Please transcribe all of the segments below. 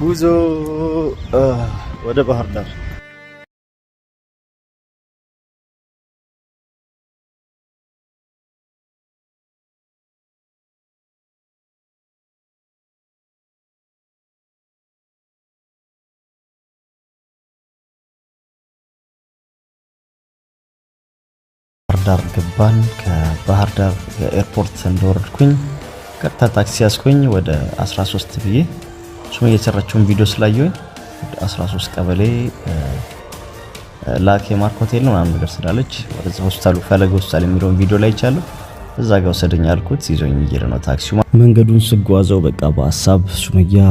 ጉዞ ወደ ባህር ዳር ዳር ገባን። ከባህር ዳር ኤርፖርት እንደወረድኩኝ ቀጥታ ታክሲ ያስኩኝ ወደ 13 ብዬ ሱመያ የሰራቸውን ቪዲዮ ስላየሁኝ 13 ቀበሌ ላክ ማርክ ሆቴል ነው ምናምን ነገር ስላለች ወደዛ ሆስፒታሉ ፈለገ ሆስፒታል የሚለውን ቪዲዮ ላይ ይቻለሁ። እዛ ጋር ወሰደኝ አልኩት። ይዞኝ እየሄደ ነው ታክሲ። መንገዱን ስጓዘው በቃ በሀሳብ ሱመያ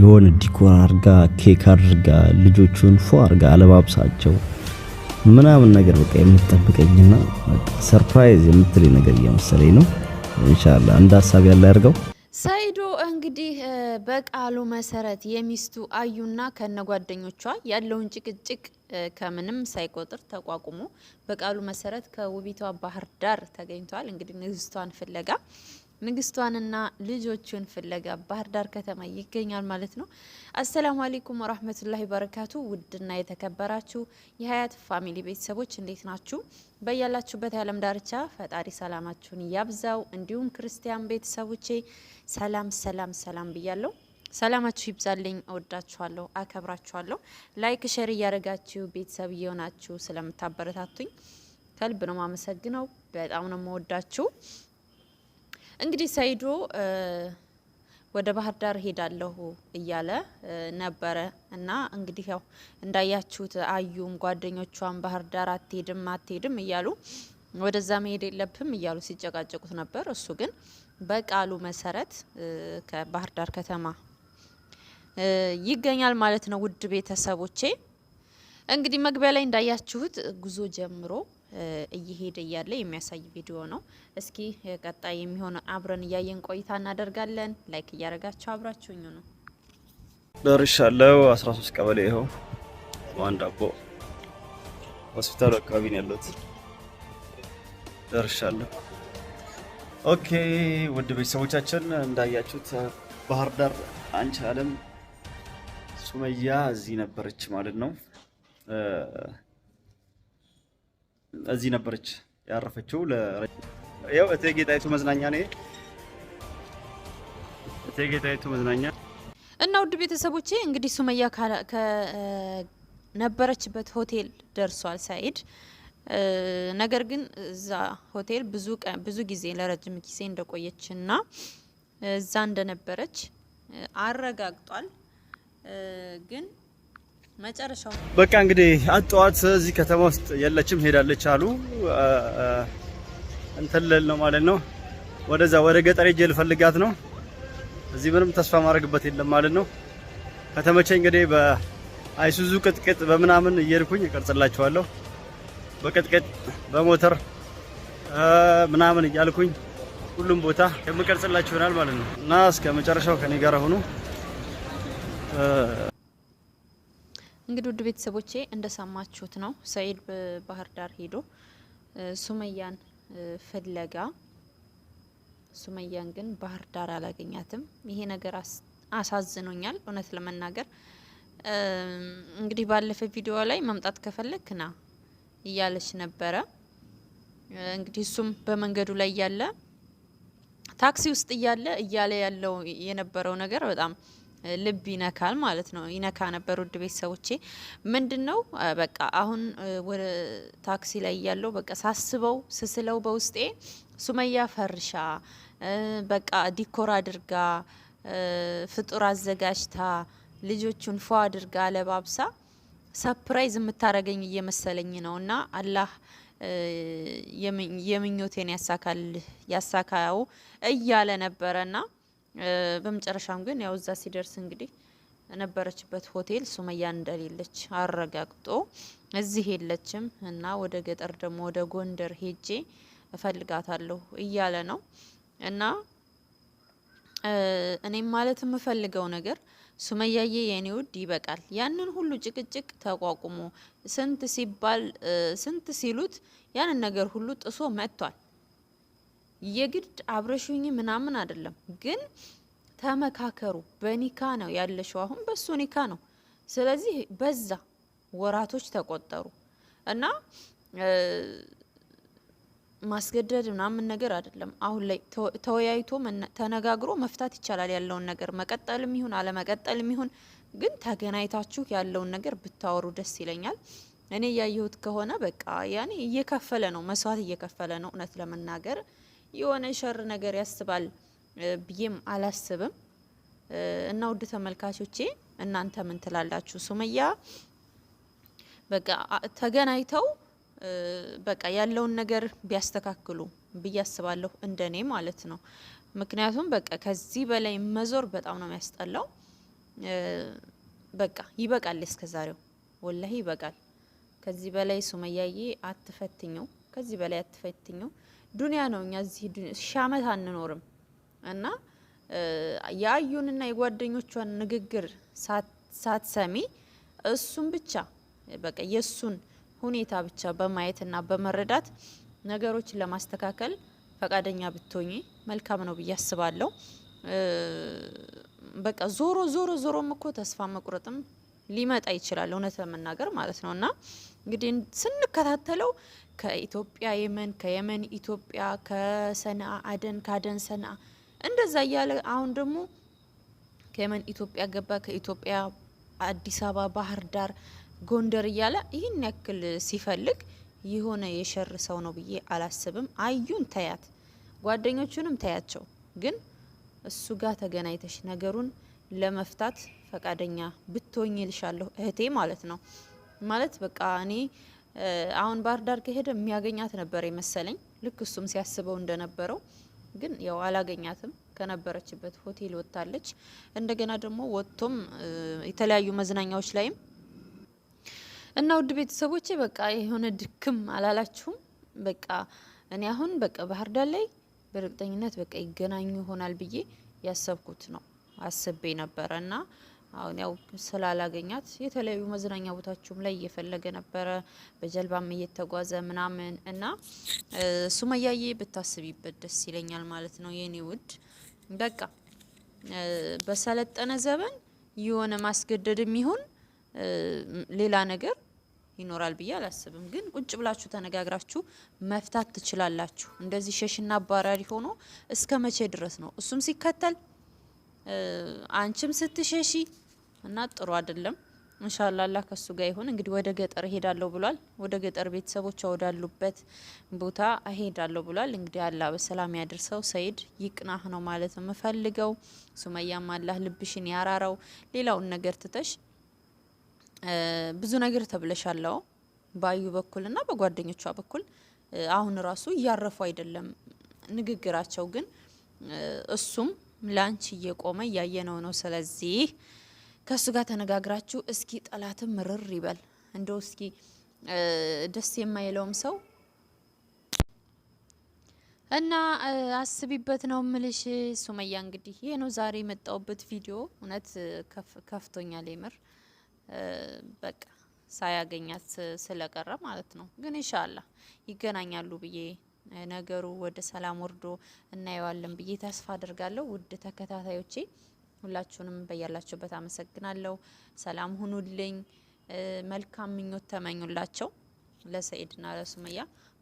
የሆነ ዲኮር አርጋ ኬክ አድርጋ ልጆቹን ፎ አርጋ አለባብሳቸው ምናምን ነገር በቃ የምትጠብቀኝና ሰርፕራይዝ የምትለኝ ነገር እየመሰለኝ ነው። ኢንሻአላህ እንደ ሀሳብ ያለ ያርገው። ሰይዶ እንግዲህ በቃሉ መሰረት የሚስቱ አዩና ከነ ጓደኞቿ ያለውን ጭቅጭቅ ከምንም ሳይቆጥር ተቋቁሞ በቃሉ መሰረት ከውቢቷ ባህር ዳር ተገኝቷል። እንግዲህ ንግስቷን ፍለጋ ንግስቷንና ልጆቹን ፍለጋ ባህር ዳር ከተማ ይገኛል ማለት ነው። አሰላሙ አሌይኩም ወራህመቱላሂ በረካቱ። ውድና የተከበራችሁ የሀያት ፋሚሊ ቤተሰቦች እንዴት ናችሁ? በያላችሁበት የዓለም ዳርቻ ፈጣሪ ሰላማችሁን ያብዛው። እንዲሁም ክርስቲያን ቤተሰቦቼ ሰላም ሰላም ሰላም ብያለሁ። ሰላማችሁ ይብዛልኝ። እወዳችኋለሁ፣ አከብራችኋለሁ። ላይክ ሸር እያደረጋችሁ ቤተሰብ እየሆናችሁ ስለምታበረታቱኝ ከልብ ነው ማመሰግነው። በጣም ነው መወዳችሁ እንግዲህ ሰይዶ ወደ ባህር ዳር ሄዳለሁ እያለ ነበረ እና እንግዲህ ያው እንዳያችሁት አዩም ጓደኞቿን ባህር ዳር አትሄድም አትሄድም እያሉ ወደዛ መሄድ የለብም እያሉ ሲጨቃጨቁት ነበር። እሱ ግን በቃሉ መሰረት ከባህር ዳር ከተማ ይገኛል ማለት ነው። ውድ ቤተሰቦቼ እንግዲህ መግቢያ ላይ እንዳያችሁት ጉዞ ጀምሮ እየሄደ እያለ የሚያሳይ ቪዲዮ ነው። እስኪ ቀጣይ የሚሆነ አብረን እያየን ቆይታ እናደርጋለን። ላይክ እያደረጋቸው አብራችሁኝ ነው። ደርሻለው። 13 ቀበሌ ይኸው ዋንድ አቦ ሆስፒታሉ አካባቢ ነው ያለሁት። ደርሻለሁ። ኦኬ ውድ ቤተሰቦቻችን እንዳያችሁት ባህር ዳር አንቺ አለም ሱመያ እዚህ ነበረች ማለት ነው። እዚህ ነበረች ያረፈችው። ይኸው እቴጌ ጣይቱ መዝናኛ ነው። እቴጌ ጣይቱ መዝናኛ እና ውድ ቤተሰቦቼ እንግዲህ ሱመያ ከነበረችበት ሆቴል ደርሷል ሳይድ ነገር ግን እዛ ሆቴል ብዙ ብዙ ጊዜ ለረጅም ጊዜ እንደቆየች እና እዛ እንደነበረች አረጋግጧል ግን መጨረሻው በቃ እንግዲህ አጠዋት እዚህ ከተማ ውስጥ የለችም ሄዳለች አሉ። እንትልል ነው ማለት ነው። ወደዛ ወደ ገጠር ሄጄ ልፈልጋት ነው። እዚህ ምንም ተስፋ ማድረግበት የለም ማለት ነው። ከተመቸኝ እንግዲህ በአይሱዙ ቅጥቅጥ በምናምን እየሄድኩኝ እቀርጽላችኋለሁ። በቅጥቅጥ በሞተር ምናምን እያልኩኝ ሁሉም ቦታ የምቀርጽላችሁ ይሆናል ማለት ነው እና እስከ መጨረሻው ከኔ ጋር ሆኑ። እንግዲህ ውድ ቤተሰቦቼ እንደሰማችሁት ነው ሰኢድ በባህር ዳር ሄዶ ሱመያን ፍለጋ፣ ሱመያን ግን ባህር ዳር አላገኛትም። ይሄ ነገር አሳዝኖኛል እውነት ለመናገር እንግዲህ ባለፈ ቪዲዮ ላይ መምጣት ከፈለክ ና እያለች ነበረ። እንግዲህ እሱም በመንገዱ ላይ እያለ ታክሲ ውስጥ እያለ እያለ ያለው የነበረው ነገር በጣም ልብ ይነካል ማለት ነው። ይነካ ነበር። ውድ ቤተሰቦቼ ምንድን ነው በቃ አሁን ወደ ታክሲ ላይ እያለው በቃ ሳስበው ስስለው በውስጤ ሱመያ ፈርሻ በቃ ዲኮር አድርጋ ፍጡር አዘጋጅታ ልጆቹን ፎ አድርጋ ለባብሳ ሰፕራይዝ የምታረገኝ እየመሰለኝ ነው እና አላህ የምኞቴን ያሳካው እያለ ና። በመጨረሻም ግን ያው እዛ ሲደርስ እንግዲህ ነበረችበት ሆቴል ሱመያ እንደሌለች አረጋግጦ እዚህ የለችም እና ወደ ገጠር ደግሞ ወደ ጎንደር ሄጄ እፈልጋታለሁ እያለ ነው እና እኔም ማለት የምፈልገው ነገር ሱመያዬ የኔ ውድ ይበቃል። ያንን ሁሉ ጭቅጭቅ ተቋቁሞ ስንት ሲባል ስንት ሲሉት ያንን ነገር ሁሉ ጥሶ መጥቷል። የግድ አብረሽኝ ምናምን አይደለም፣ ግን ተመካከሩ። በኒካ ነው ያለሽው፣ አሁን በሱ ኒካ ነው። ስለዚህ በዛ ወራቶች ተቆጠሩ እና ማስገደድ ምናምን ነገር አይደለም። አሁን ላይ ተወያይቶ ተነጋግሮ መፍታት ይቻላል። ያለውን ነገር መቀጠልም ይሁን አለመቀጠልም ይሁን ግን ተገናኝታችሁ ያለውን ነገር ብታወሩ ደስ ይለኛል። እኔ እያየሁት ከሆነ በቃ ያኔ እየከፈለ ነው መስዋዕት እየከፈለ ነው እውነት ለመናገር የሆነ ሸር ነገር ያስባል ብዬም አላስብም። እና ውድ ተመልካቾቼ እናንተ ምን ትላላችሁ? ሱመያ በቃ ተገናኝተው በቃ ያለውን ነገር ቢያስተካክሉ ብዬ አስባለሁ፣ እንደኔ ማለት ነው። ምክንያቱም በቃ ከዚህ በላይ መዞር በጣም ነው የሚያስጠላው። በቃ ይበቃል፣ እስከዛሬው ወላሂ ይበቃል። ከዚህ በላይ ሱመያዬ አትፈትኘው፣ ከዚህ በላይ አትፈትኘው። ዱንያ ነው። እኛ እዚህ ሺህ አመት አንኖርም እና የአዩንና የጓደኞቿን ንግግር ሳትሰሚ እሱን ብቻ በቃ የእሱን ሁኔታ ብቻ በማየትና በመረዳት ነገሮችን ለማስተካከል ፈቃደኛ ብትሆኝ መልካም ነው ብዬ አስባለሁ። በቃ ዞሮ ዞሮ ዞሮም እኮ ተስፋ መቁረጥም ሊመጣ ይችላል እውነት ለመናገር ማለት ነው እና እንግዲህ ስንከታተለው ከኢትዮጵያ የመን፣ ከየመን ኢትዮጵያ፣ ከሰንአ አደን፣ ከአደን ሰንአ እንደዛ እያለ አሁን ደግሞ ከየመን ኢትዮጵያ ገባ፣ ከኢትዮጵያ አዲስ አበባ፣ ባህር ዳር፣ ጎንደር እያለ ይህን ያክል ሲፈልግ የሆነ የሸር ሰው ነው ብዬ አላስብም። አዩን ተያት፣ ጓደኞቹንም ተያቸው። ግን እሱ ጋር ተገናኝተሽ ነገሩን ለመፍታት ፈቃደኛ ብትሆኝ ልሻለሁ እህቴ ማለት ነው። ማለት በቃ እኔ አሁን ባህር ዳር ከሄደ የሚያገኛት ነበር የመሰለኝ። ልክ እሱም ሲያስበው እንደነበረው ግን ያው አላገኛትም። ከነበረችበት ሆቴል ወጥታለች። እንደገና ደግሞ ወጥቶም የተለያዩ መዝናኛዎች ላይም እና ውድ ቤተሰቦቼ በቃ የሆነ ድክም አላላችሁም? በቃ እኔ አሁን በቃ ባህር ዳር ላይ በእርግጠኝነት በቃ ይገናኙ ይሆናል ብዬ ያሰብኩት ነው አስቤ ነበረ እና አሁን ያው ስላላገኛት የተለያዩ መዝናኛ ቦታችሁም ላይ እየፈለገ ነበረ፣ በጀልባም እየተጓዘ ምናምን እና ሱመያዬ ብታስቢበት ደስ ይለኛል ማለት ነው የኔ ውድ። በቃ በሰለጠነ ዘመን የሆነ ማስገደድ የሚሆን ሌላ ነገር ይኖራል ብዬ አላስብም። ግን ቁጭ ብላችሁ ተነጋግራችሁ መፍታት ትችላላችሁ። እንደዚህ ሸሽና አባራሪ ሆኖ እስከ መቼ ድረስ ነው እሱም ሲከተል አንቺም ስትሸሺ እና ጥሩ አይደለም። እንሻላ አላህ ከሱ ጋር ይሁን። እንግዲህ ወደ ገጠር እሄዳለሁ ብሏል። ወደ ገጠር ቤተሰቦቿ ወዳሉበት ቦታ እሄዳለሁ ብሏል። እንግዲህ አላህ በሰላም ያድርሰው። ሰይድ ይቅናህ ነው ማለት የምፈልገው። ሱመያም አላህ ልብሽን ያራራው። ሌላውን ነገር ትተሽ ብዙ ነገር ተብለሻለው ባዩ በኩልና በጓደኞቿ በኩል አሁን ራሱ እያረፉ አይደለም ንግግራቸው ግን እሱም ላንች እየቆመ እያየነው ነው። ስለዚህ ከእሱ ጋር ተነጋግራችሁ እስኪ ጠላትም ምርር ይበል እንደ እስኪ ደስ የማይለውም ሰው እና አስቢበት ነው ምልሽ ሱመያ። እንግዲህ ይሄ ነው ዛሬ የመጣውበት ቪዲዮ። እውነት ከፍቶኛል የምር በቃ ሳያገኛት ስለቀረ ማለት ነው። ግን ኢንሻአላህ ይገናኛሉ ብዬ ነገሩ ወደ ሰላም ወርዶ እናየዋለን ብዬ ተስፋ አድርጋለሁ። ውድ ተከታታዮቼ ሁላችሁንም በያላችሁበት አመሰግናለሁ። ሰላም ሁኑልኝ። መልካም ምኞት ተመኙላቸው ለሰኢድና ለሱመያ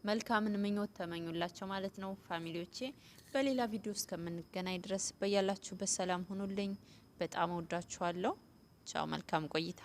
መልካምን ምኞት ተመኙላቸው ማለት ነው። ፋሚሊዎቼ በሌላ ቪዲዮ እስከምንገናኝ ድረስ በያላችሁበት ሰላም ሁኑልኝ። በጣም ወዳችኋለሁ። ቻው። መልካም ቆይታ